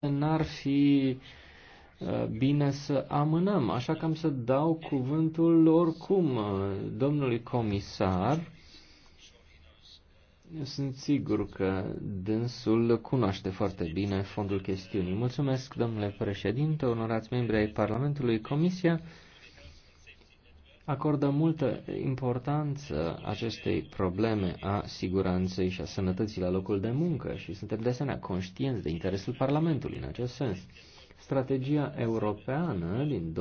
n-ar fi uh, bine să amânăm, așa că am să dau cuvântul oricum uh, domnului comisar. Eu sunt sigur că dânsul cunoaște foarte bine fondul chestiunii. Mulțumesc, domnule președinte, onorați membri ai Parlamentului, Comisia acordă multă importanță acestei probleme a siguranței și a sănătății la locul de muncă și suntem de asemenea conștienți de interesul Parlamentului în acest sens. Strategia europeană din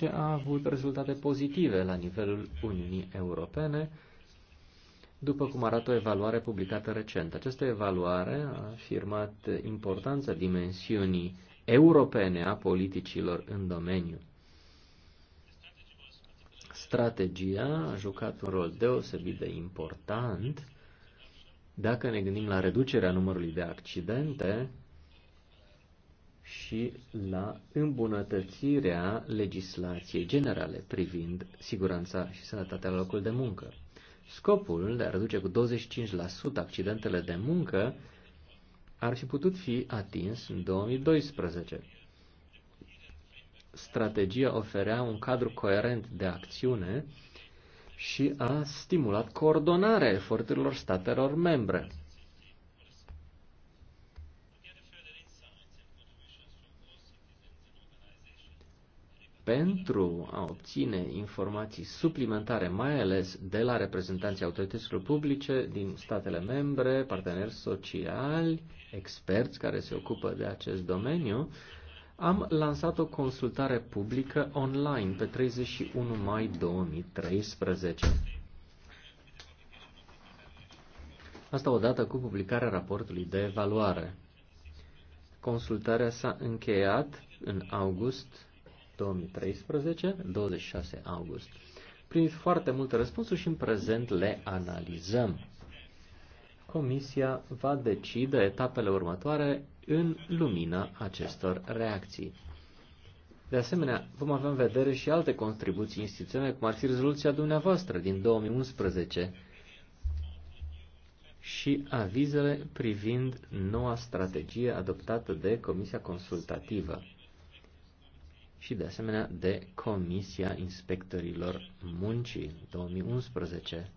2007-2012 a avut rezultate pozitive la nivelul Uniunii Europene, după cum arată o evaluare publicată recent. Această evaluare a afirmat importanța dimensiunii europene a politicilor în domeniu. Strategia a jucat un rol deosebit de important dacă ne gândim la reducerea numărului de accidente și la îmbunătățirea legislației generale privind siguranța și sănătatea la locul de muncă. Scopul de a reduce cu 25% accidentele de muncă ar fi putut fi atins în 2012 strategia oferea un cadru coerent de acțiune și a stimulat coordonarea eforturilor statelor membre. Pentru a obține informații suplimentare, mai ales de la reprezentanții autorităților publice din statele membre, parteneri sociali, experți care se ocupă de acest domeniu, am lansat o consultare publică online pe 31 mai 2013. Asta odată cu publicarea raportului de evaluare. Consultarea s-a încheiat în august 2013, 26 august. Primit foarte multe răspunsuri și în prezent le analizăm. Comisia va decide etapele următoare în lumina acestor reacții. De asemenea, vom avea în vedere și alte contribuții instituționale, cum ar fi rezoluția dumneavoastră din 2011 și avizele privind noua strategie adoptată de Comisia Consultativă și de asemenea de Comisia Inspectorilor Muncii 2011.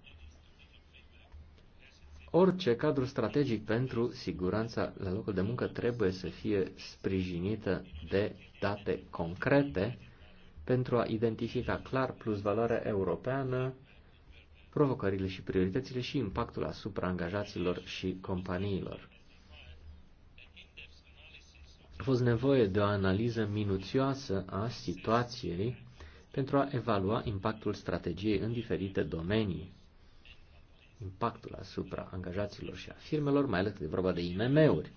Orice cadru strategic pentru siguranța la locul de muncă trebuie să fie sprijinită de date concrete pentru a identifica clar plus valoarea europeană, provocările și prioritățile și impactul asupra angajaților și companiilor. A fost nevoie de o analiză minuțioasă a situației pentru a evalua impactul strategiei în diferite domenii impactul asupra angajaților și a firmelor, mai ales de vorba de IMM-uri.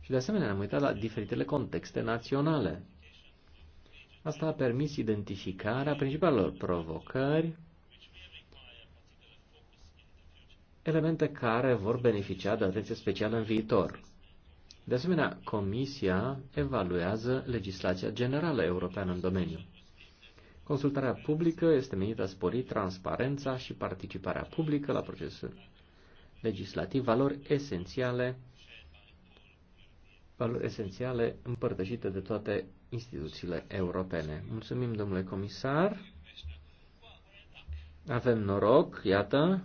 Și de asemenea ne-am uitat la diferitele contexte naționale. Asta a permis identificarea principalelor provocări, elemente care vor beneficia de atenție specială în viitor. De asemenea, Comisia evaluează legislația generală europeană în domeniu. Consultarea publică este menită a spori transparența și participarea publică la procesul legislativ, valori esențiale, valori esențiale împărtășite de toate instituțiile europene. Mulțumim, domnule comisar. Avem noroc, iată.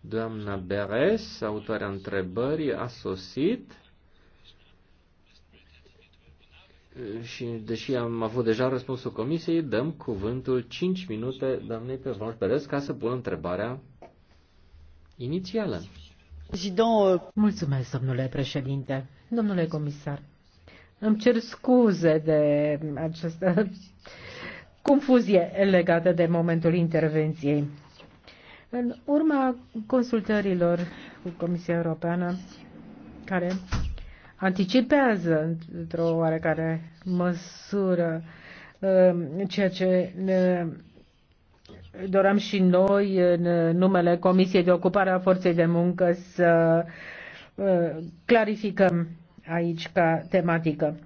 Doamna Beres, autoarea întrebării, a sosit. și deși am avut deja răspunsul comisiei, dăm cuvântul 5 minute doamnei pe Perez ca să pun întrebarea inițială. Mulțumesc, domnule președinte. Domnule comisar, îmi cer scuze de această confuzie legată de momentul intervenției. În urma consultărilor cu Comisia Europeană, care anticipează într-o oarecare măsură um, ceea ce ne doream și noi în numele Comisiei de Ocupare a Forței de Muncă să uh, clarificăm aici ca tematică.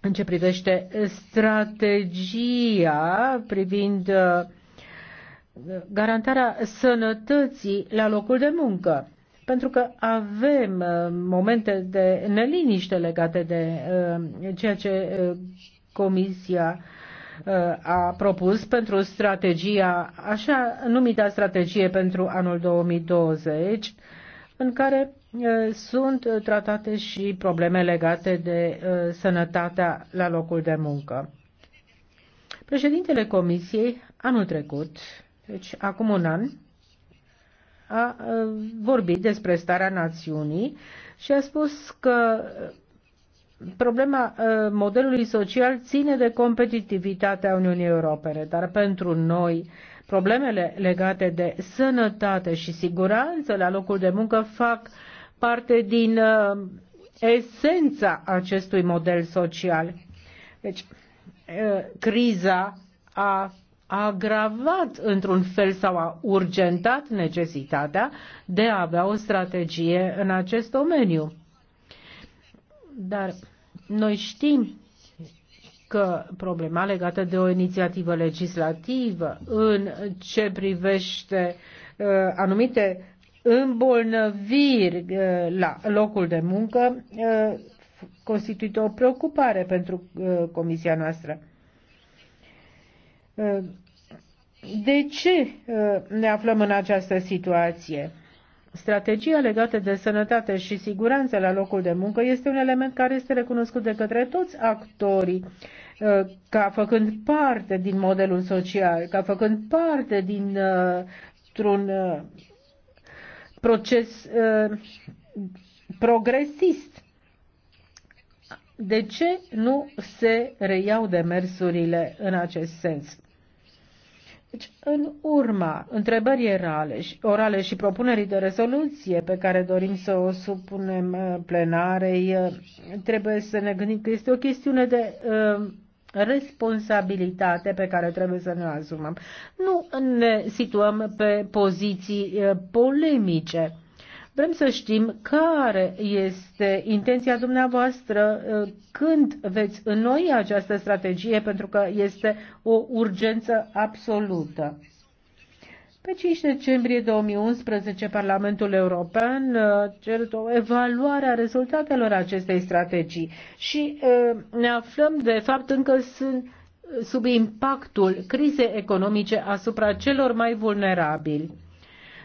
În ce privește strategia privind uh, garantarea sănătății la locul de muncă pentru că avem uh, momente de neliniște legate de uh, ceea ce uh, Comisia a propus pentru strategia, așa numita strategie pentru anul 2020, în care sunt tratate și probleme legate de sănătatea la locul de muncă. Președintele Comisiei, anul trecut, deci acum un an, a vorbit despre starea națiunii și a spus că problema modelului social ține de competitivitatea Uniunii Europene, dar pentru noi problemele legate de sănătate și siguranță la locul de muncă fac parte din esența acestui model social. Deci, criza a agravat într-un fel sau a urgentat necesitatea de a avea o strategie în acest domeniu. Dar noi știm că problema legată de o inițiativă legislativă în ce privește uh, anumite îmbolnăviri uh, la locul de muncă uh, constituie o preocupare pentru uh, comisia noastră. Ă, de ce ă, ne aflăm în această situație? Strategia legată de sănătate și siguranță la locul de muncă este un element care este recunoscut de către toți actorii ă, ca făcând parte din modelul social, ca făcând parte dintr-un proces progresist. De ce nu se reiau demersurile în acest sens? Deci, în urma întrebării orale și, orale și propunerii de rezoluție pe care dorim să o supunem uh, plenarei, uh, trebuie să ne gândim că este o chestiune de uh, responsabilitate pe care trebuie să ne asumăm. Nu ne situăm pe poziții polemice Vrem să știm care este intenția dumneavoastră uh, când veți înnoi această strategie, pentru că este o urgență absolută. Pe 5 decembrie 2011, Parlamentul European a uh, cerut o evaluare a rezultatelor acestei strategii și uh, ne aflăm, de fapt, încă sunt sub impactul crizei economice asupra celor mai vulnerabili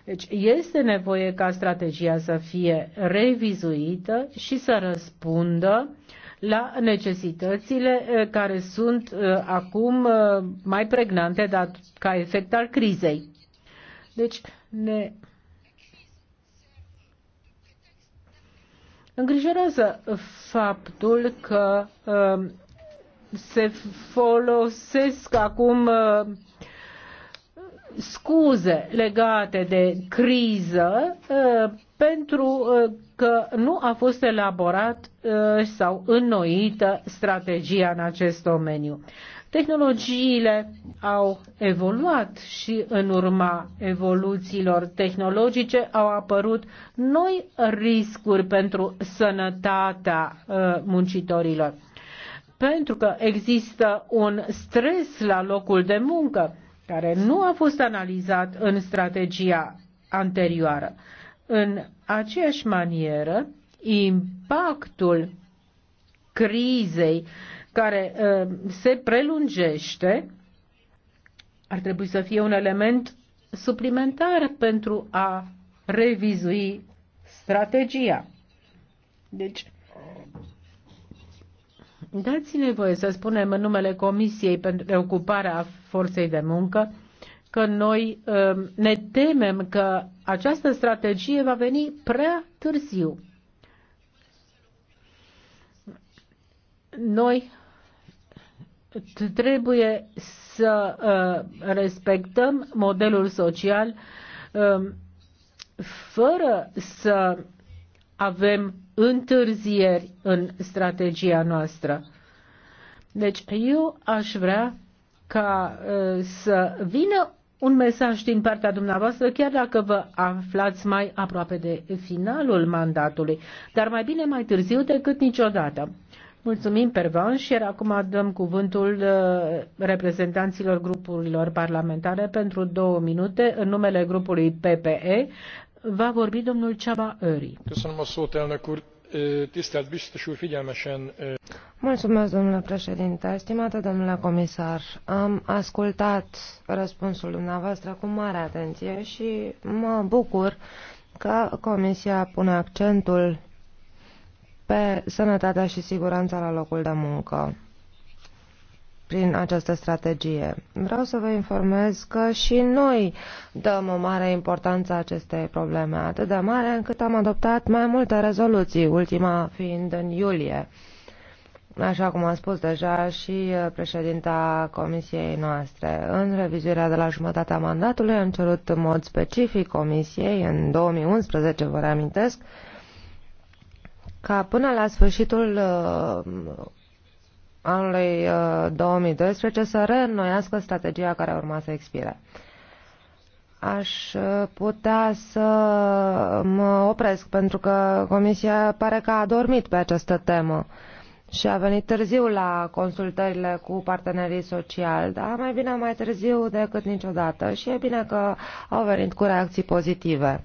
deci este nevoie ca strategia să fie revizuită și să răspundă la necesitățile eh, care sunt eh, acum eh, mai pregnante dat ca efect al crizei. Deci ne îngrijorează faptul că se folosesc acum scuze legate de criză uh, pentru uh, că nu a fost elaborat uh, sau înnoită strategia în acest domeniu. Tehnologiile au evoluat și în urma evoluțiilor tehnologice au apărut noi riscuri pentru sănătatea muncitorilor. Pentru că există un stres la locul de muncă, care nu a fost analizat în strategia anterioară. În aceeași manieră, impactul crizei care ă, se prelungește ar trebui să fie un element suplimentar pentru a revizui strategia. Deci, Dați-ne voie să spunem în numele Comisiei pentru reocuparea forței de muncă că noi um, ne temem că această strategie va veni prea târziu. Noi trebuie să uh, respectăm modelul social um, fără să avem întârzieri în strategia noastră. Deci eu aș vrea ca să vină un mesaj din partea dumneavoastră, chiar dacă vă aflați mai aproape de finalul mandatului, dar mai bine mai târziu decât niciodată. Mulțumim, Pervan, și iar acum dăm cuvântul reprezentanților grupurilor parlamentare pentru două minute în numele grupului PPE va vorbi domnul Ceaba Öri. Mulțumesc, domnule președinte. Stimate domnule comisar, am ascultat răspunsul dumneavoastră cu mare atenție și mă bucur că Comisia pune accentul pe sănătatea și siguranța la locul de muncă prin această strategie. Vreau să vă informez că și noi dăm o mare importanță acestei probleme, atât de mare încât am adoptat mai multe rezoluții, ultima fiind în iulie, așa cum a spus deja și uh, președinta comisiei noastre. În revizuirea de la jumătatea mandatului am cerut în mod specific comisiei, în 2011 vă reamintesc, ca până la sfârșitul uh, anului 2012 uh, să reînnoiască strategia care urma să expire. Aș uh, putea să mă opresc pentru că Comisia pare că a dormit pe această temă și a venit târziu la consultările cu partenerii sociali, dar mai bine mai târziu decât niciodată și e bine că au venit cu reacții pozitive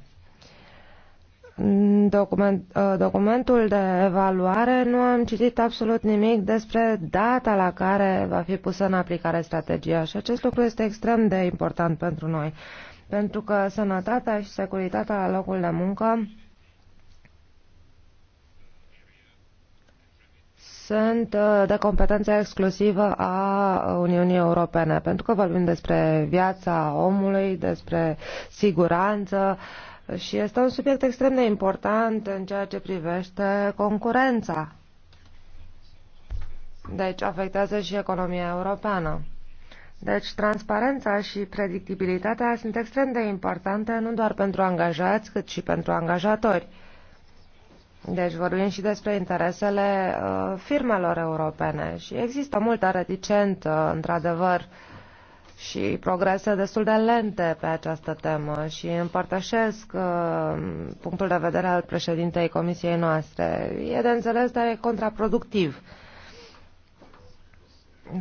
document, uh, documentul de evaluare nu am citit absolut nimic despre data la care va fi pusă în aplicare strategia și acest lucru este extrem de important pentru noi, pentru că sănătatea și securitatea la locul de muncă sunt uh, de competență exclusivă a Uniunii Europene, pentru că vorbim despre viața omului, despre siguranță, uh, și este un subiect extrem de important în ceea ce privește concurența. Deci afectează și economia europeană. Deci transparența și predictibilitatea sunt extrem de importante nu doar pentru angajați, cât și pentru angajatori. Deci vorbim și despre interesele uh, firmelor europene și există multă reticentă, într-adevăr, uh, și progrese destul de lente pe această temă și împărtășesc uh, punctul de vedere al președintei comisiei noastre. E de înțeles, dar e contraproductiv.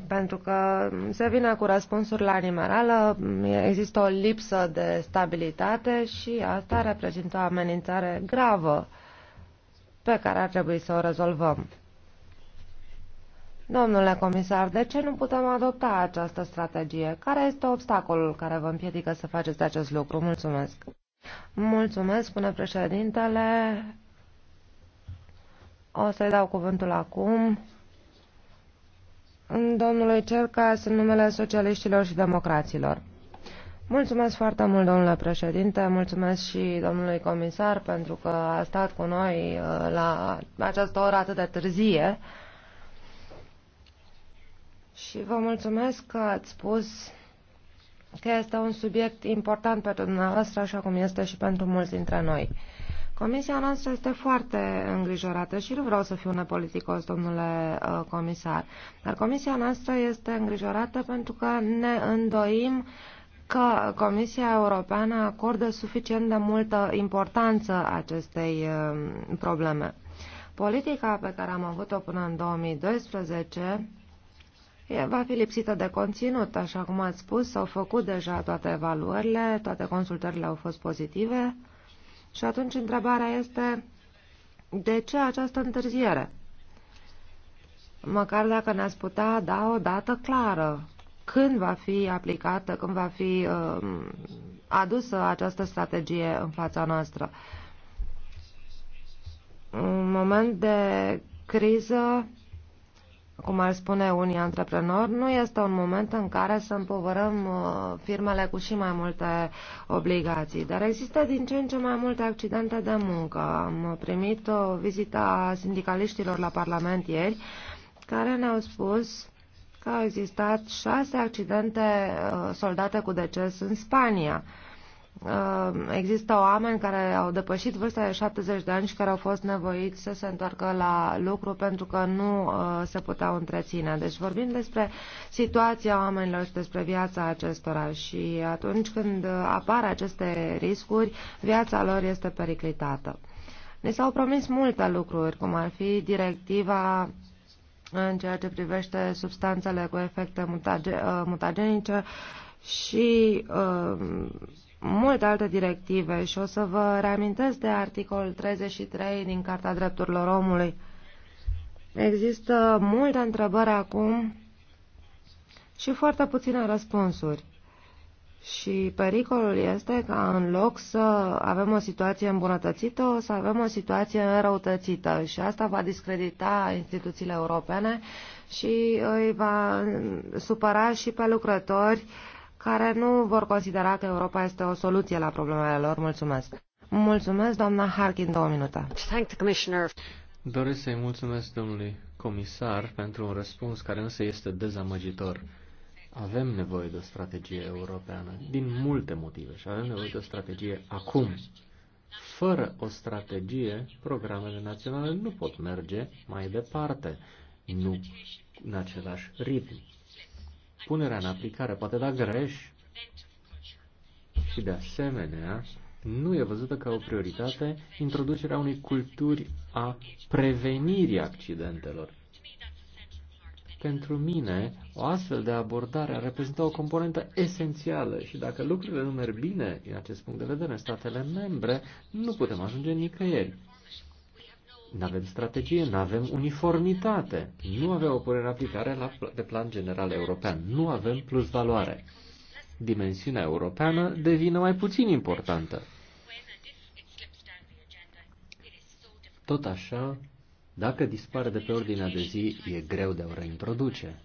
Pentru că se vine cu răspunsuri la animerală, există o lipsă de stabilitate și asta reprezintă o amenințare gravă pe care ar trebui să o rezolvăm. Domnule comisar, de ce nu putem adopta această strategie? Care este obstacolul care vă împiedică să faceți acest lucru? Mulțumesc. Mulțumesc, spune președintele. O să-i dau cuvântul acum. Domnului Cercas, în numele socialiștilor și democraților. Mulțumesc foarte mult, domnule președinte, mulțumesc și domnului comisar pentru că a stat cu noi uh, la această oră atât de târzie și vă mulțumesc că ați spus că este un subiect important pentru dumneavoastră, așa cum este și pentru mulți dintre noi. Comisia noastră este foarte îngrijorată și nu vreau să fiu nepoliticos, domnule uh, comisar, dar comisia noastră este îngrijorată pentru că ne îndoim că Comisia Europeană acordă suficient de multă importanță acestei uh, probleme. Politica pe care am avut-o până în 2012 E, va fi lipsită de conținut, așa cum ați spus, s-au făcut deja toate evaluările, toate consultările au fost pozitive și atunci întrebarea este de ce această întârziere? Măcar dacă ne-ați putea da o dată clară când va fi aplicată, când va fi uh, adusă această strategie în fața noastră. Un moment de criză cum ar spune unii antreprenori, nu este un moment în care să împovărăm uh, firmele cu și mai multe obligații. Dar există din ce în ce mai multe accidente de muncă. Am primit o vizită a sindicaliștilor la Parlament ieri, care ne-au spus că au existat șase accidente uh, soldate cu deces în Spania. Uh, există oameni care au depășit vârsta de 70 de ani și care au fost nevoiți să se întoarcă la lucru pentru că nu uh, se puteau întreține. Deci vorbim despre situația oamenilor și despre viața acestora și atunci când apar aceste riscuri, viața lor este periclitată. Ne s-au promis multe lucruri, cum ar fi directiva în ceea ce privește substanțele cu efecte mutage, uh, mutagenice și multe alte directive și o să vă reamintesc de articolul 33 din Carta Drepturilor Omului. Există multe întrebări acum și foarte puține răspunsuri. Și pericolul este ca în loc să avem o situație îmbunătățită, o să avem o situație înrăutățită și asta va discredita instituțiile europene și îi va supăra și pe lucrători care nu vor considera că Europa este o soluție la problemele lor. Mulțumesc! Mulțumesc, doamna Harkin, două minute. Thank the commissioner. Doresc să-i mulțumesc domnului comisar pentru un răspuns care însă este dezamăgitor. Avem nevoie de o strategie europeană, din multe motive, și avem nevoie de o strategie acum. Fără o strategie, programele naționale nu pot merge mai departe, nu în același ritm punerea în aplicare poate da greș și, de asemenea, nu e văzută ca o prioritate introducerea unei culturi a prevenirii accidentelor. Pentru mine, o astfel de abordare ar reprezenta o componentă esențială și dacă lucrurile nu merg bine din acest punct de vedere în statele membre, nu putem ajunge nicăieri nu avem strategie, nu avem uniformitate, nu avem o punere în aplicare la, de plan general european, nu avem plus valoare. Dimensiunea europeană devine mai puțin importantă. Tot așa, dacă dispare de pe ordinea de zi, e greu de a o reintroduce.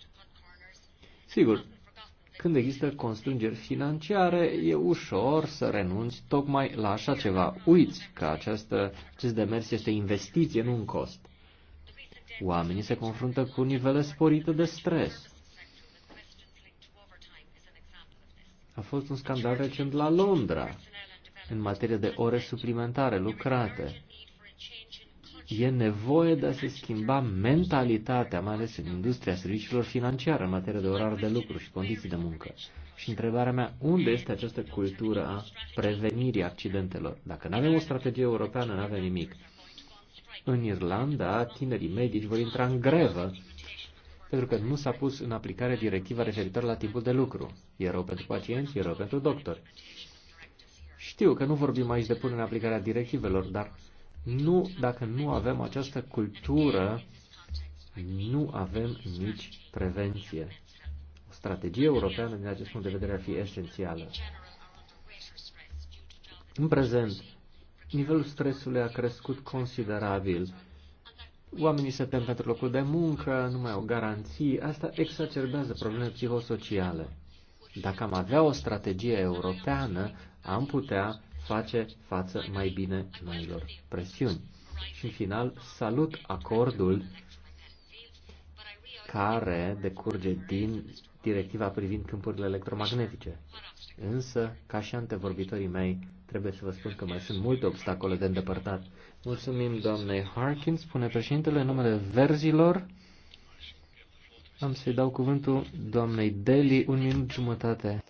Sigur, când există constrângeri financiare, e ușor să renunți tocmai la așa ceva. Uiți că această, acest demers este investiție, nu un cost. Oamenii se confruntă cu nivele sporite de stres. A fost un scandal recent la Londra, în materie de ore suplimentare lucrate. E nevoie de a se schimba mentalitatea, mai ales în industria serviciilor financiare, în materie de orar de lucru și condiții de muncă. Și întrebarea mea, unde este această cultură a prevenirii accidentelor? Dacă nu avem o strategie europeană, nu avem nimic. În Irlanda, tinerii medici vor intra în grevă pentru că nu s-a pus în aplicare directiva referitor la timpul de lucru. E rău pentru pacienți, e rău pentru doctori. Știu că nu vorbim aici de punerea în aplicare a directivelor, dar nu, dacă nu avem această cultură, nu avem nici prevenție. O strategie europeană, din acest punct de vedere, ar fi esențială. În prezent, nivelul stresului a crescut considerabil. Oamenii se tem pentru locul de muncă, nu mai au garanții, asta exacerbează probleme psihosociale. Dacă am avea o strategie europeană, am putea face față mai bine noilor presiuni. Și în final, salut acordul care decurge din directiva privind câmpurile electromagnetice. Însă, ca și antevorbitorii mei, trebuie să vă spun că mai sunt multe obstacole de îndepărtat. Mulțumim doamnei Harkin, spune președintele, în numele verzilor. Am să-i dau cuvântul doamnei Deli, un minut jumătate.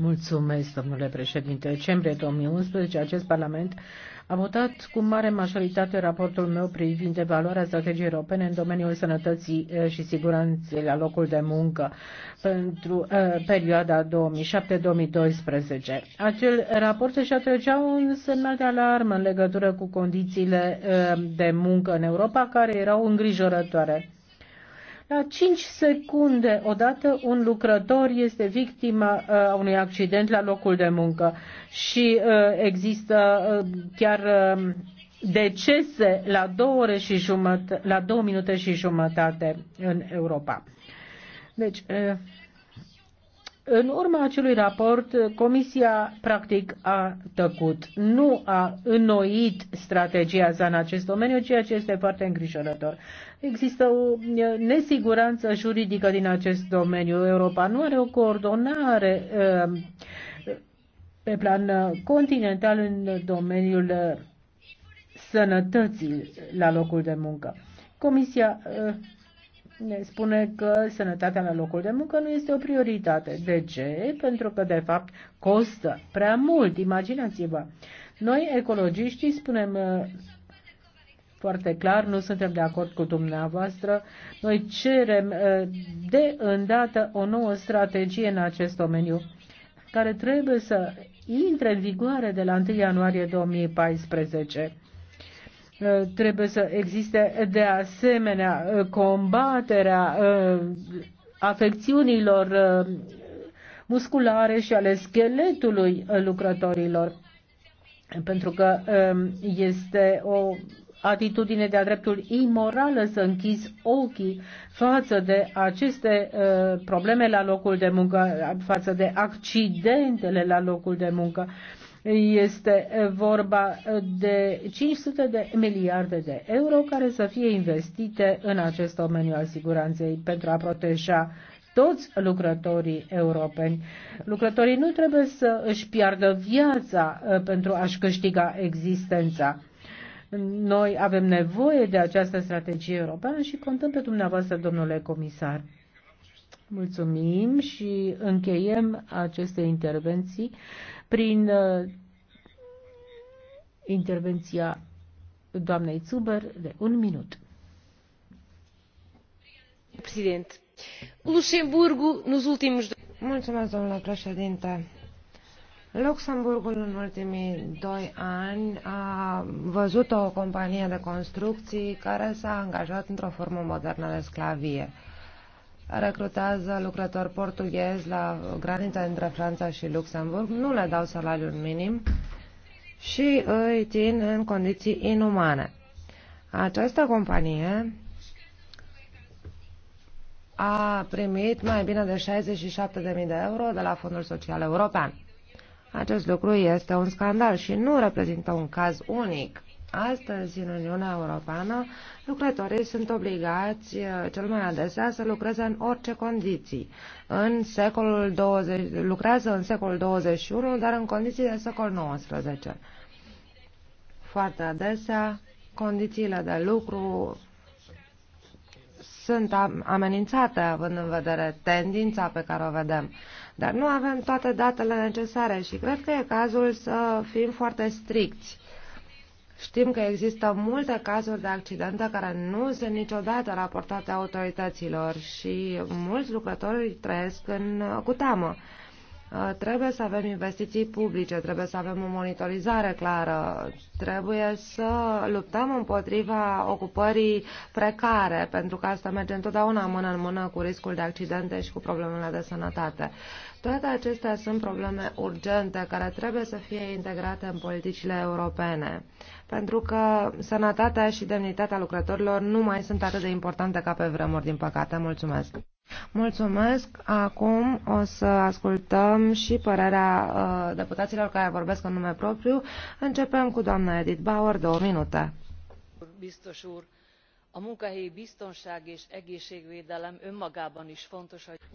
Mulțumesc, domnule președinte. Decembrie 2011, acest Parlament a votat cu mare majoritate raportul meu privind evaluarea strategiei europene în domeniul sănătății eh, și siguranței la locul de muncă pentru uh, perioada 2007-2012. Acel raport își atrăgea un semnal de alarmă în legătură cu condițiile uh, de muncă în Europa care erau îngrijorătoare la 5 secunde odată un lucrător este victima uh, unui accident la locul de muncă și uh, există uh, chiar uh, decese la două, ore și jumătate, la două minute și jumătate în Europa. Deci, uh, în urma acelui raport, Comisia practic a tăcut, nu a înnoit strategia sa în acest domeniu, ceea ce este foarte îngrijorător. Există o nesiguranță juridică din acest domeniu. Europa nu are o coordonare pe plan continental în domeniul sănătății la locul de muncă. Comisia ne spune că sănătatea la locul de muncă nu este o prioritate. De ce? Pentru că, de fapt, costă prea mult. Imaginați-vă. Noi, ecologiștii, spunem foarte clar, nu suntem de acord cu dumneavoastră. Noi cerem uh, de îndată o nouă strategie în acest domeniu care trebuie să intre în vigoare de la 1 ianuarie 2014 uh, trebuie să existe de asemenea uh, combaterea afecțiunilor musculare și ale scheletului lucrătorilor, pentru că um, este o atitudine de-a dreptul imorală să închizi ochii față de aceste uh, probleme la locul de muncă, față de accidentele la locul de muncă. Este uh, vorba uh, de 500 de miliarde de euro care să fie investite în acest domeniu al siguranței pentru a proteja toți lucrătorii europeni. Lucrătorii nu trebuie să își piardă viața uh, pentru a-și câștiga existența noi avem nevoie de această strategie europeană și contăm pe dumneavoastră, domnule comisar. Mulțumim și încheiem aceste intervenții prin uh, intervenția doamnei Zuber de un minut. Președinte, Luxemburgul, în últimos... Mulțumesc, domnule președinte. Luxemburgul în ultimii doi ani a văzut o companie de construcții care s-a angajat într-o formă modernă de sclavie. Recrutează lucrători portughezi la granița între Franța și Luxemburg, nu le dau salariul minim și îi țin în condiții inumane. Această companie a primit mai bine de 67.000 de euro de la Fondul Social European. Acest lucru este un scandal și nu reprezintă un caz unic. Astăzi, în Uniunea Europeană, lucrătorii sunt obligați eh, cel mai adesea să lucreze în orice condiții. În secolul 20, lucrează în secolul 21, dar în condiții de secol 19. Foarte adesea, condițiile de lucru sunt amenințate, având în vedere tendința pe care o vedem. Dar nu avem toate datele necesare și cred că e cazul să fim foarte stricți. Știm că există multe cazuri de accidente care nu sunt niciodată raportate autorităților și mulți lucrători trăiesc în cuteamă. teamă. Uh, trebuie să avem investiții publice, trebuie să avem o monitorizare clară, trebuie să luptăm împotriva ocupării precare, pentru că asta merge întotdeauna mână în mână cu riscul de accidente și cu problemele de sănătate. Toate acestea sunt probleme urgente care trebuie să fie integrate în politicile europene, pentru că sănătatea și demnitatea lucrătorilor nu mai sunt atât de importante ca pe vremuri, din păcate. Mulțumesc! Mulțumesc. Acum o să ascultăm și părerea uh, deputaților care vorbesc în nume propriu. Începem cu doamna Edith Bauer, două minute. a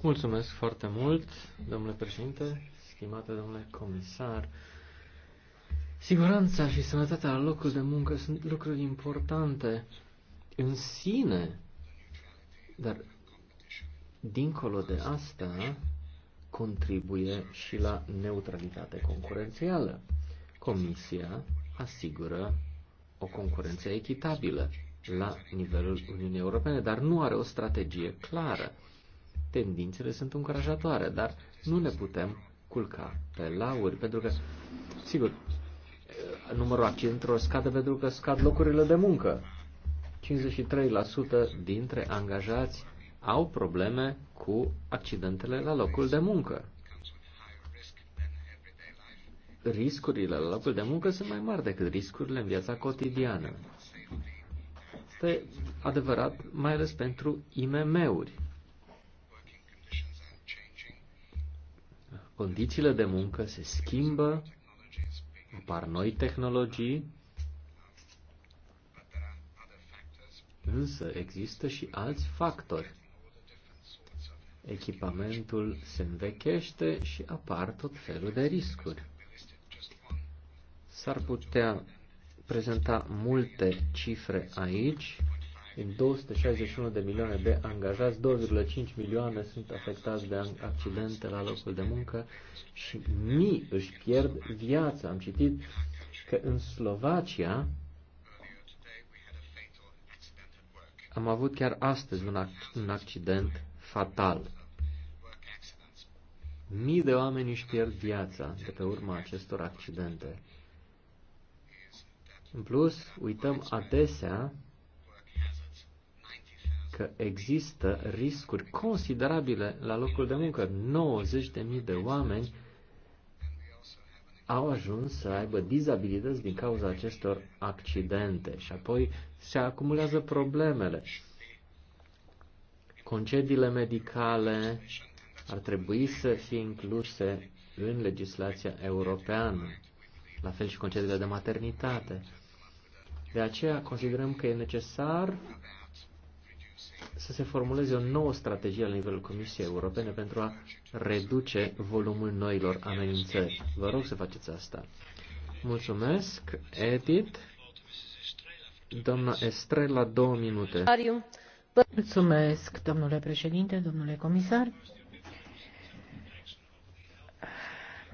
Mulțumesc foarte mult, domnule președinte, stimate domnule comisar. Siguranța și sănătatea la locul de muncă sunt lucruri importante în sine, dar dincolo de asta, contribuie și la neutralitate concurențială. Comisia asigură o concurență echitabilă la nivelul Uniunii Europene, dar nu are o strategie clară. Tendințele sunt încurajatoare, dar nu ne putem culca pe lauri, pentru că, sigur, numărul accidentelor scade pentru că scad locurile de muncă. 53% dintre angajați au probleme cu accidentele la locul de muncă. Riscurile la locul de muncă sunt mai mari decât riscurile în viața cotidiană. Este adevărat, mai ales pentru IMM-uri. Condițiile de muncă se schimbă, apar noi tehnologii, însă există și alți factori echipamentul se învechește și apar tot felul de riscuri. S-ar putea prezenta multe cifre aici. În 261 de milioane de angajați, 2,5 milioane sunt afectați de accidente la locul de muncă și mii își pierd viața. Am citit că în Slovacia am avut chiar astăzi un accident fatal. Mii de oameni își pierd viața de pe urma acestor accidente. În plus, uităm adesea că există riscuri considerabile la locul de muncă. 90.000 de oameni au ajuns să aibă dizabilități din cauza acestor accidente și apoi se acumulează problemele. Concediile medicale, ar trebui să fie incluse în legislația europeană, la fel și concediile de maternitate. De aceea considerăm că e necesar să se formuleze o nouă strategie la nivelul Comisiei Europene pentru a reduce volumul noilor amenințări. Vă rog să faceți asta. Mulțumesc, Edith. Doamna Estrela, două minute. Mulțumesc, domnule președinte, domnule comisar.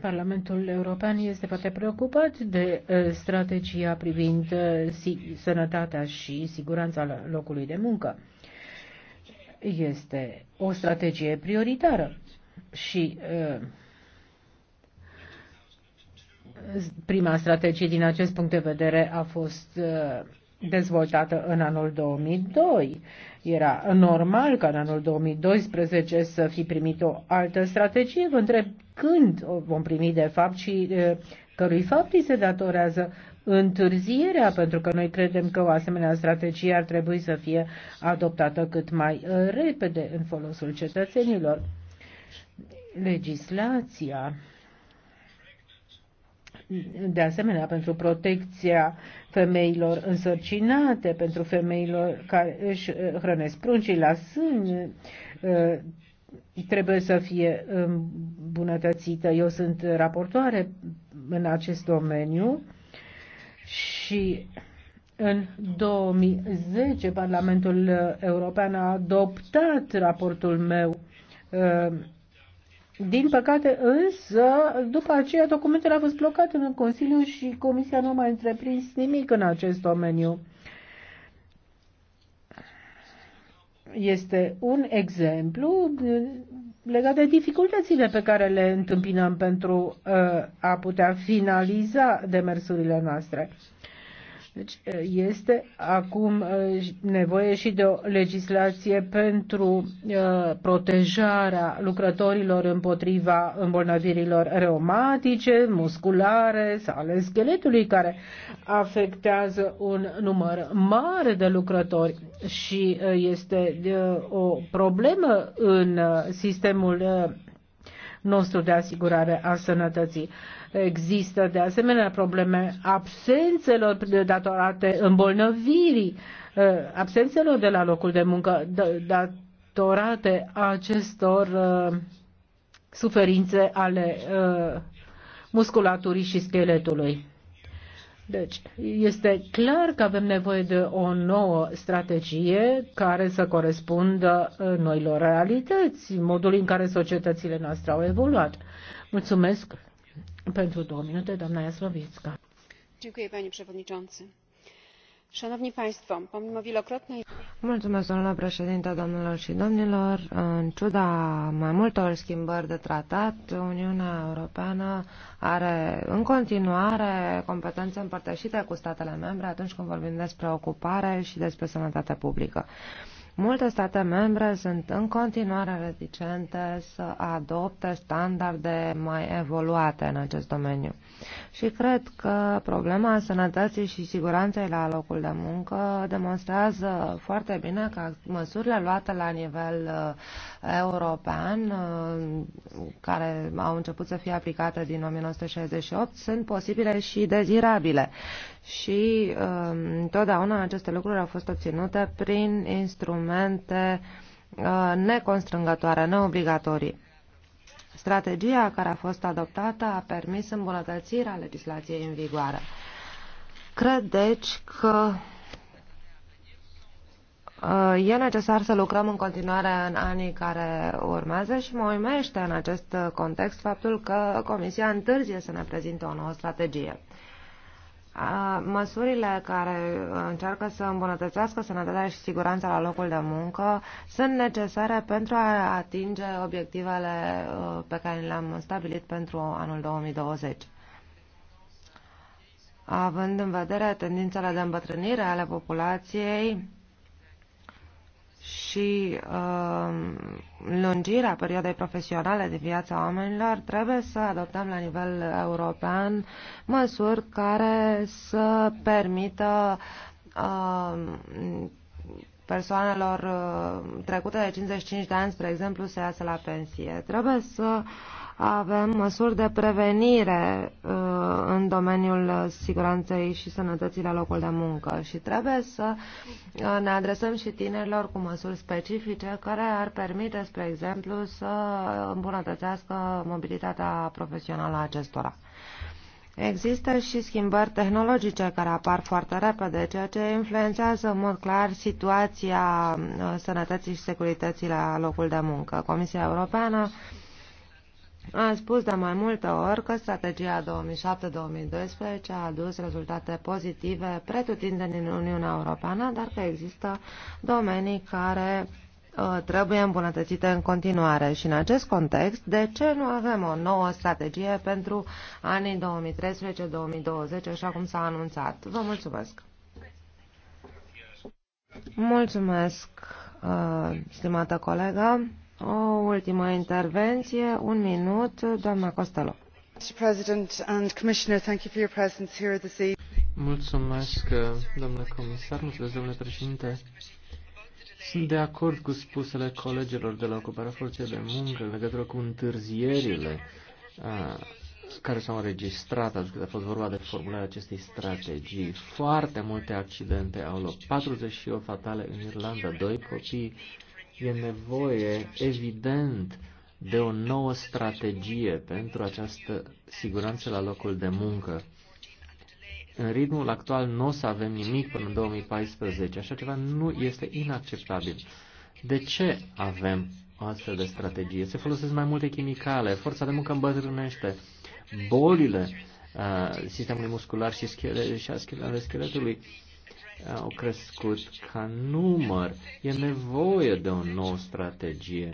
Parlamentul European este foarte preocupat de uh, strategia privind uh, sănătatea și siguranța locului de muncă. Este o strategie prioritară și uh, prima strategie din acest punct de vedere a fost dezvoltată în anul 2002. Era normal ca în anul 2012 să fi primit o altă strategie. Vă întreb când o vom primi de fapt și cărui fapt îi se datorează întârzierea, pentru că noi credem că o asemenea strategie ar trebui să fie adoptată cât mai repede în folosul cetățenilor. Legislația de asemenea pentru protecția femeilor însărcinate, pentru femeilor care își hrănesc pruncii la sân, trebuie să fie îmbunătățită. Eu sunt raportoare în acest domeniu și în 2010 Parlamentul European a adoptat raportul meu. Din păcate însă, după aceea documentul a fost blocat în Consiliu și Comisia nu a mai întreprins nimic în acest domeniu. este un exemplu legat de dificultățile pe care le întâmpinăm pentru uh, a putea finaliza demersurile noastre. Deci este acum nevoie și de o legislație pentru protejarea lucrătorilor împotriva îmbolnăvirilor reumatice, musculare sau ale scheletului care afectează un număr mare de lucrători și este o problemă în sistemul nostru de asigurare a sănătății. Există de asemenea probleme absențelor datorate îmbolnăvirii, eh, absențelor de la locul de muncă da, datorate acestor eh, suferințe ale eh, musculaturii și scheletului. Deci, este clar că avem nevoie de o nouă strategie care să corespundă uh, noilor realități, modul în care societățile noastre au evoluat. Mulțumesc pentru două minute, doamna Iasovițca. Dziękuję, panie przewodniczący domnule președinte, domnilor și domnilor. În ciuda mai multor schimbări de tratat, Uniunea Europeană are în continuare competențe împărtășite cu statele membre atunci când vorbim despre ocupare și despre sănătate publică. Multe state membre sunt în continuare reticente să adopte standarde mai evoluate în acest domeniu. Și cred că problema sănătății și siguranței la locul de muncă demonstrează foarte bine că măsurile luate la nivel european, uh, care au început să fie aplicate din 1968, sunt posibile și dezirabile. Și um, întotdeauna aceste lucruri au fost obținute prin instrumente uh, neconstrângătoare, neobligatorii. Strategia care a fost adoptată a permis îmbunătățirea legislației în vigoare. Cred, deci, că Uh, e necesar să lucrăm în continuare în anii care urmează și mă uimește în acest context faptul că Comisia întârzie să ne prezinte o nouă strategie. Uh, măsurile care încearcă să îmbunătățească sănătatea și siguranța la locul de muncă sunt necesare pentru a atinge obiectivele uh, pe care le-am stabilit pentru anul 2020. Având în vedere tendințele de îmbătrânire ale populației, și uh, lungirea perioadei profesionale de viața oamenilor, trebuie să adoptăm la nivel european măsuri care să permită uh, persoanelor uh, trecute de 55 de ani, spre exemplu, să iasă la pensie. Trebuie să uh, avem măsuri de prevenire uh, în domeniul siguranței și sănătății la locul de muncă și trebuie să uh, ne adresăm și tinerilor cu măsuri specifice care ar permite, spre exemplu, să îmbunătățească mobilitatea profesională a acestora. Există și schimbări tehnologice care apar foarte repede, ceea ce influențează în mod clar situația uh, sănătății și securității la locul de muncă. Comisia Europeană am spus de mai multe ori că strategia 2007-2012 a adus rezultate pozitive pretutindeni în Uniunea Europeană, dar că există domenii care uh, trebuie îmbunătățite în continuare și în acest context, de ce nu avem o nouă strategie pentru anii 2013-2020, așa cum s-a anunțat? Vă mulțumesc! Mulțumesc, uh, stimată colegă. O ultimă intervenție, un minut, doamna Costello. Mulțumesc, domnule comisar, mulțumesc, domnule președinte. Sunt de acord cu spusele colegilor de la Ocuparea Forței de Muncă în legătură cu întârzierile a, care s-au înregistrat atunci când a fost vorba de formularea acestei strategii. Foarte multe accidente au loc, 48 fatale în Irlanda, doi copii E nevoie, evident, de o nouă strategie pentru această siguranță la locul de muncă. În ritmul actual nu o să avem nimic până în 2014. Așa ceva nu este inacceptabil. De ce avem o astfel de strategie? Se folosesc mai multe chimicale, forța de muncă îmbătrânește, bolile uh, sistemului muscular și, schele- și a scheletului au crescut ca număr. E nevoie de o nouă strategie.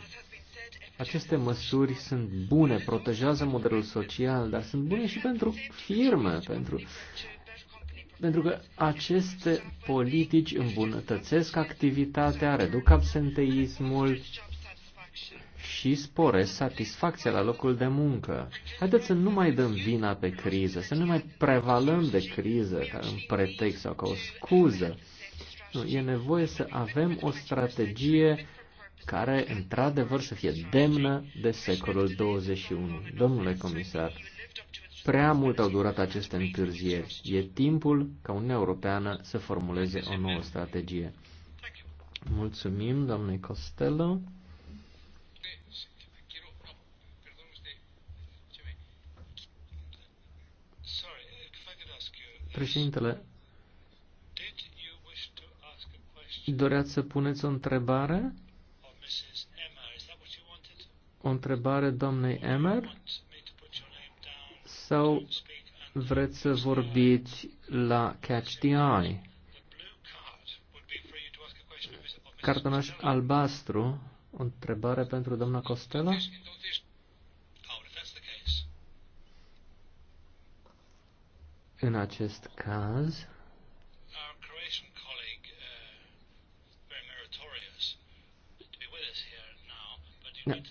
Aceste măsuri sunt bune, protejează modelul social, dar sunt bune și pentru firme, pentru, pentru că aceste politici îmbunătățesc activitatea, reduc absenteismul, și sporesc satisfacția la locul de muncă. Haideți să nu mai dăm vina pe criză, să nu mai prevalăm de criză ca un pretext sau ca o scuză. Nu, e nevoie să avem o strategie care, într-adevăr, să fie demnă de secolul 21. Domnule comisar, prea mult au durat aceste întârzieri. E timpul ca Uniunea Europeană să formuleze o nouă strategie. Mulțumim, doamne Costello. Președintele, doreați să puneți o întrebare? O întrebare doamnei Emer? Sau vreți să vorbiți la Catch the Eye? Cartonaș albastru, o întrebare pentru doamna Costello? În acest caz, Da,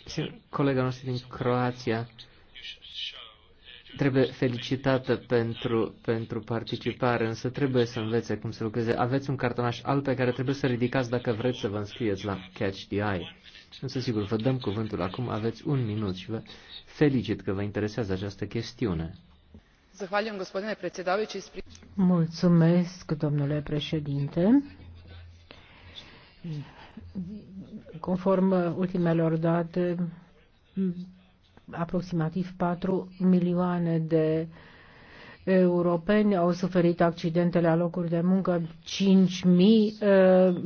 colega noastră din Croația uh, trebuie felicitată pentru, pentru participare, însă trebuie să învețe cum să lucreze. Aveți un cartonaș alt pe care trebuie să ridicați dacă vreți să vă înscrieți la Catch the Eye. Însă, sigur, vă dăm cuvântul acum, aveți un minut și vă felicit că vă interesează această chestiune. Mulțumesc, domnule președinte. Conform ultimelor date, aproximativ 4 milioane de europeni au suferit accidente la locuri de muncă, 5.000 mii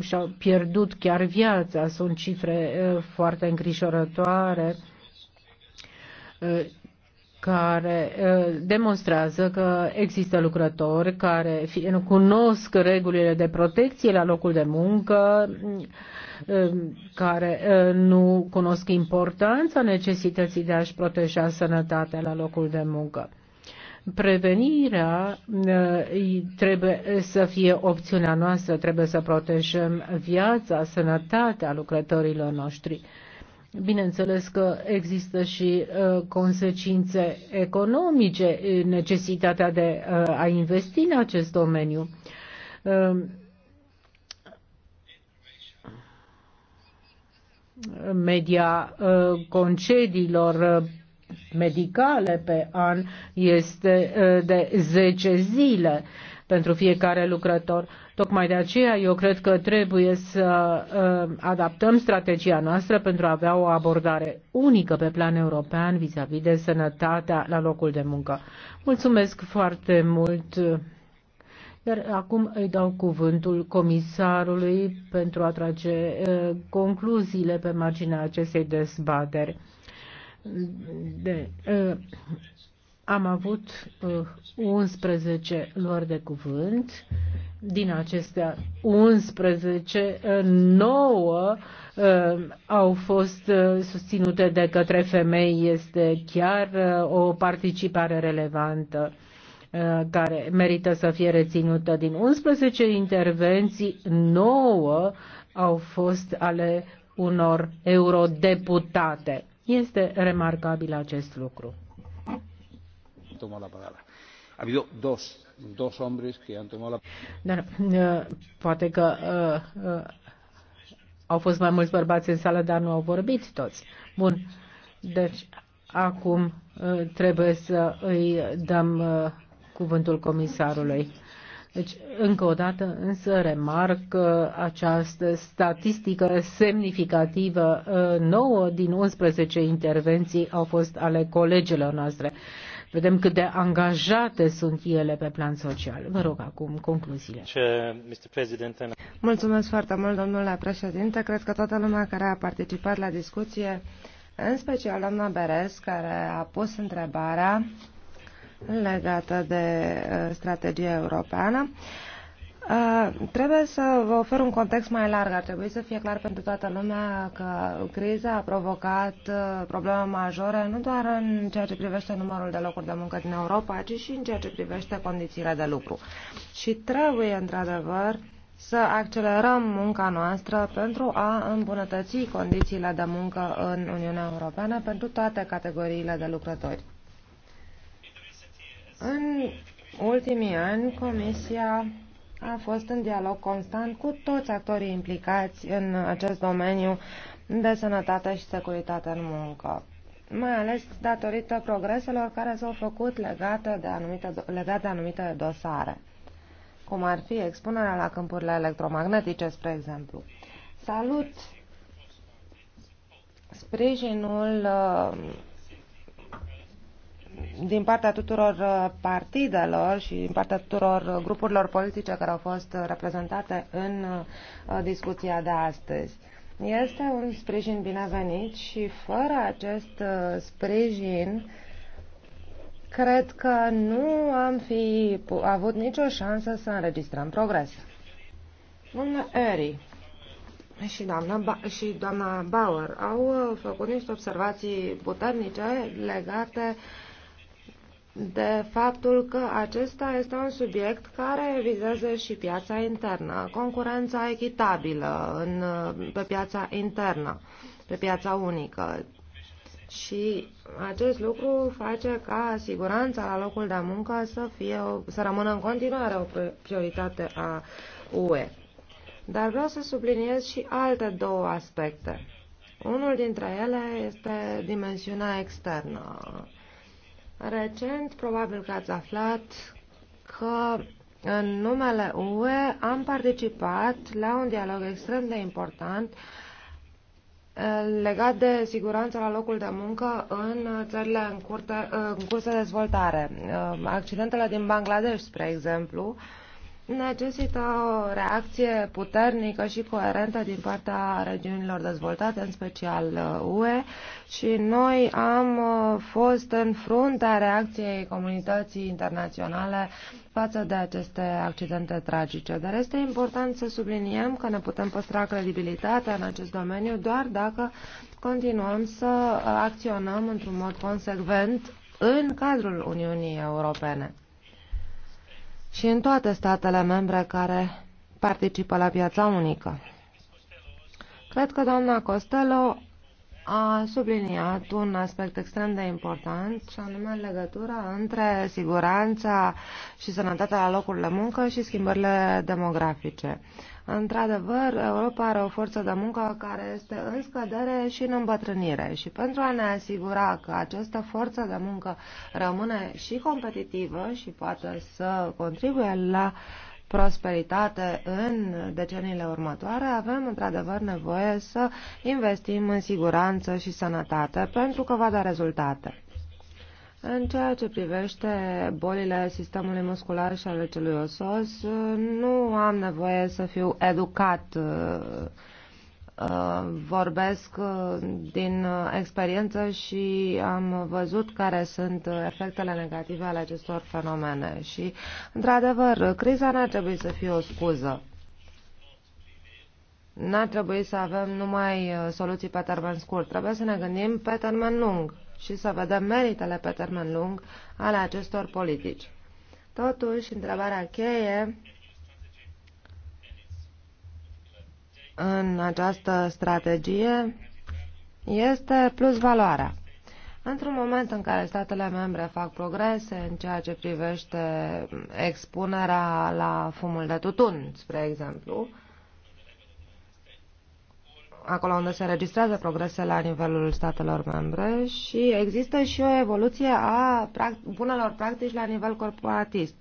și-au pierdut chiar viața. Sunt cifre foarte îngrijorătoare care demonstrează că există lucrători care fie nu cunosc regulile de protecție la locul de muncă, care nu cunosc importanța necesității de a-și proteja sănătatea la locul de muncă. Prevenirea trebuie să fie opțiunea noastră, trebuie să protejăm viața, sănătatea lucrătorilor noștri Bineînțeles că există și uh, consecințe economice, uh, necesitatea de uh, a investi în acest domeniu. Um, uh, media concediilor uh, medicale pe an este uh, de 10 zile pentru fiecare lucrător. Tocmai de aceea eu cred că trebuie să uh, adaptăm strategia noastră pentru a avea o abordare unică pe plan european vis-a-vis -vis de sănătatea la locul de muncă. Mulțumesc foarte mult. Iar acum îi dau cuvântul comisarului pentru a trage uh, concluziile pe marginea acestei dezbateri. De, uh, am avut 11 uh, luări de cuvânt. Din acestea 11, 9 uh, uh, au fost susținute de către femei. Este chiar o participare relevantă care merită să fie reținută. Din 11 intervenții, 9 au fost ale unor eurodeputate. Este remarcabil acest lucru tomado la palabra. Ha habido dos, dos hombres que han tomado la palabra. Uh, poate că uh, uh, au fost mai mulți bărbați în sală, dar nu au vorbit toți. Bun. Deci, acum uh, trebuie să îi dăm uh, cuvântul comisarului. Deci, încă o dată, însă, remarc uh, această statistică semnificativă. 9 din 11 intervenții au fost ale colegilor noastre. Vedem cât de angajate sunt ele pe plan social. Vă rog acum concluziile. Mulțumesc foarte mult, domnule președinte. Cred că toată lumea care a participat la discuție, în special doamna Beres, care a pus întrebarea legată de uh, strategia europeană, Uh, trebuie să vă ofer un context mai larg. Ar trebui să fie clar pentru toată lumea că criza a provocat uh, probleme majore nu doar în ceea ce privește numărul de locuri de muncă din Europa, ci și în ceea ce privește condițiile de lucru. Și trebuie, într-adevăr, să accelerăm munca noastră pentru a îmbunătăți condițiile de muncă în Uniunea Europeană pentru toate categoriile de lucrători. În ultimii ani, Comisia a fost în dialog constant cu toți actorii implicați în acest domeniu de sănătate și securitate în muncă mai ales datorită progreselor care s-au făcut legate de anumite, legate de anumite dosare, cum ar fi expunerea la câmpurile electromagnetice, spre exemplu. Salut sprijinul uh, din partea tuturor uh, partidelor și din partea tuturor uh, grupurilor politice care au fost uh, reprezentate în discuția de astăzi. Este un sprijin binevenit și fără acest sprijin cred că nu am fi avut nicio șansă să înregistrăm progres. Domnul Eri și doamna, ba- și doamna Bauer au făcut niște observații puternice legate uh, de faptul că acesta este un subiect care vizează și piața internă, concurența echitabilă în, pe piața internă, pe piața unică. Și acest lucru face ca siguranța la locul de muncă să, fie, să rămână în continuare o prioritate a UE. Dar vreau să subliniez și alte două aspecte. Unul dintre ele este dimensiunea externă Recent, probabil că ați aflat că în numele UE am participat la un dialog extrem de important eh, legat de siguranța la locul de muncă în țările în, curte, eh, în curs de dezvoltare. Eh, accidentele din Bangladesh, spre exemplu, necesită o reacție puternică și coerentă din partea regiunilor dezvoltate, în special UE, uh, și noi am uh, fost în fruntea reacției comunității internaționale față de aceste accidente tragice. Dar este important să subliniem că ne putem păstra credibilitatea în acest domeniu doar dacă continuăm să uh, acționăm într-un mod consecvent în cadrul Uniunii Europene și în toate statele membre care participă la piața unică. Cred că doamna Costello a subliniat un aspect extrem de important, și anume legătura între siguranța și sănătatea la locurile muncă și schimbările demografice. Într-adevăr, Europa are o forță de muncă care este în scădere și în îmbătrânire și pentru a ne asigura că această forță de muncă rămâne și competitivă și poate să contribuie la prosperitate în deceniile următoare, avem într-adevăr nevoie să investim în siguranță și sănătate pentru că va da rezultate. În ceea ce privește bolile sistemului muscular și ale celui osos, nu am nevoie să fiu educat. Uh, uh, vorbesc uh, din experiență și am văzut care sunt efectele negative ale acestor fenomene. Și, într-adevăr, criza n-ar trebui să fie o scuză. N-ar trebui să avem numai soluții pe termen scurt. Trebuie să ne gândim pe termen lung și să vedem meritele pe termen lung ale acestor politici. Totuși, întrebarea cheie în această strategie este plus valoarea. Într-un moment în care statele membre fac progrese în ceea ce privește expunerea la fumul de tutun, spre exemplu, acolo unde se registrează progrese la nivelul statelor membre și există și o evoluție a bunelor practici la nivel corporatist.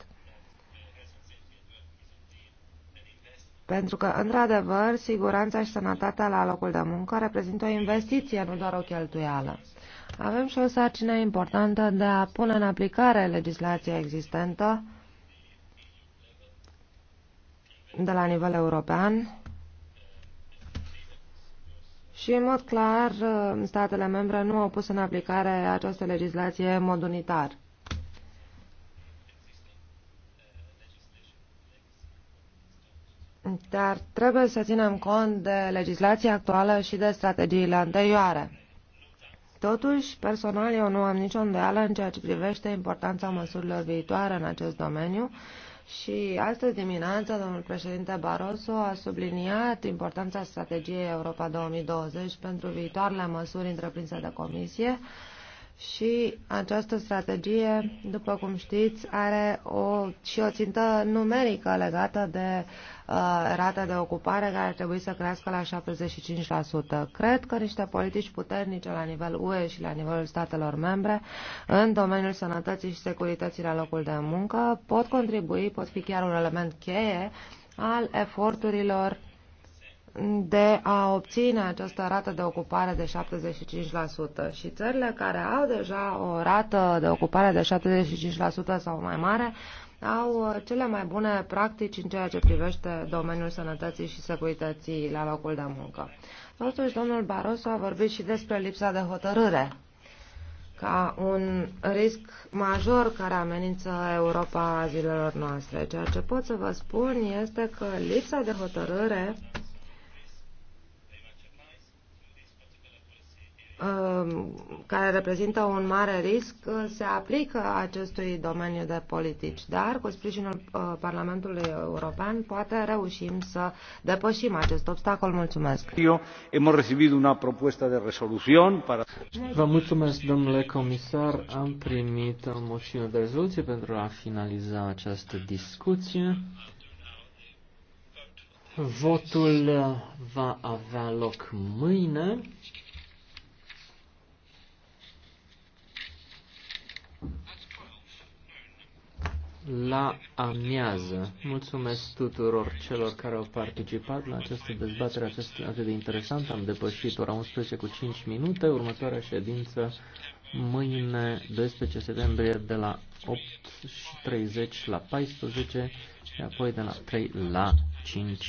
Pentru că, într-adevăr, siguranța și sănătatea la locul de muncă reprezintă o investiție, nu doar o cheltuială. Avem și o sarcină importantă de a pune în aplicare legislația existentă de la nivel european și, în mod clar, statele membre nu au pus în aplicare această legislație în mod unitar. Dar trebuie să ținem cont de legislația actuală și de strategiile anterioare. Totuși, personal, eu nu am nicio îndoială în ceea ce privește importanța măsurilor viitoare în acest domeniu și astăzi dimineața, domnul președinte Barroso a subliniat importanța strategiei Europa 2020 pentru viitoarele măsuri întreprinse de comisie și această strategie, după cum știți, are o, și o țintă numerică legată de Uh, rata de ocupare care ar trebui să crească la 75%. Cred că niște politici puternice la nivel UE și la nivelul statelor membre în domeniul sănătății și securității la locul de muncă pot contribui, pot fi chiar un element cheie al eforturilor de a obține această rată de ocupare de 75% și țările care au deja o rată de ocupare de 75% sau mai mare au uh, cele mai bune practici în ceea ce privește domeniul sănătății și securității la locul de muncă. Totuși, domnul Barroso a vorbit și despre lipsa de hotărâre ca un risc major care amenință Europa zilelor noastre. Ceea ce pot să vă spun este că lipsa de hotărâre Um, care reprezintă un mare risc se aplică acestui domeniu de politici, dar cu sprijinul uh, Parlamentului European poate reușim să depășim acest obstacol. Mulțumesc. Eu Vă mulțumesc, domnule comisar. Am primit o moțiune de rezoluție pentru a finaliza această discuție. Votul va avea loc mâine. la amiază. Mulțumesc tuturor celor care au participat la această dezbatere acest, atât de interesant. Am depășit ora 11 cu 5 minute. Următoarea ședință mâine 12 septembrie de la 8.30 la 14 și apoi de la 3 la 5.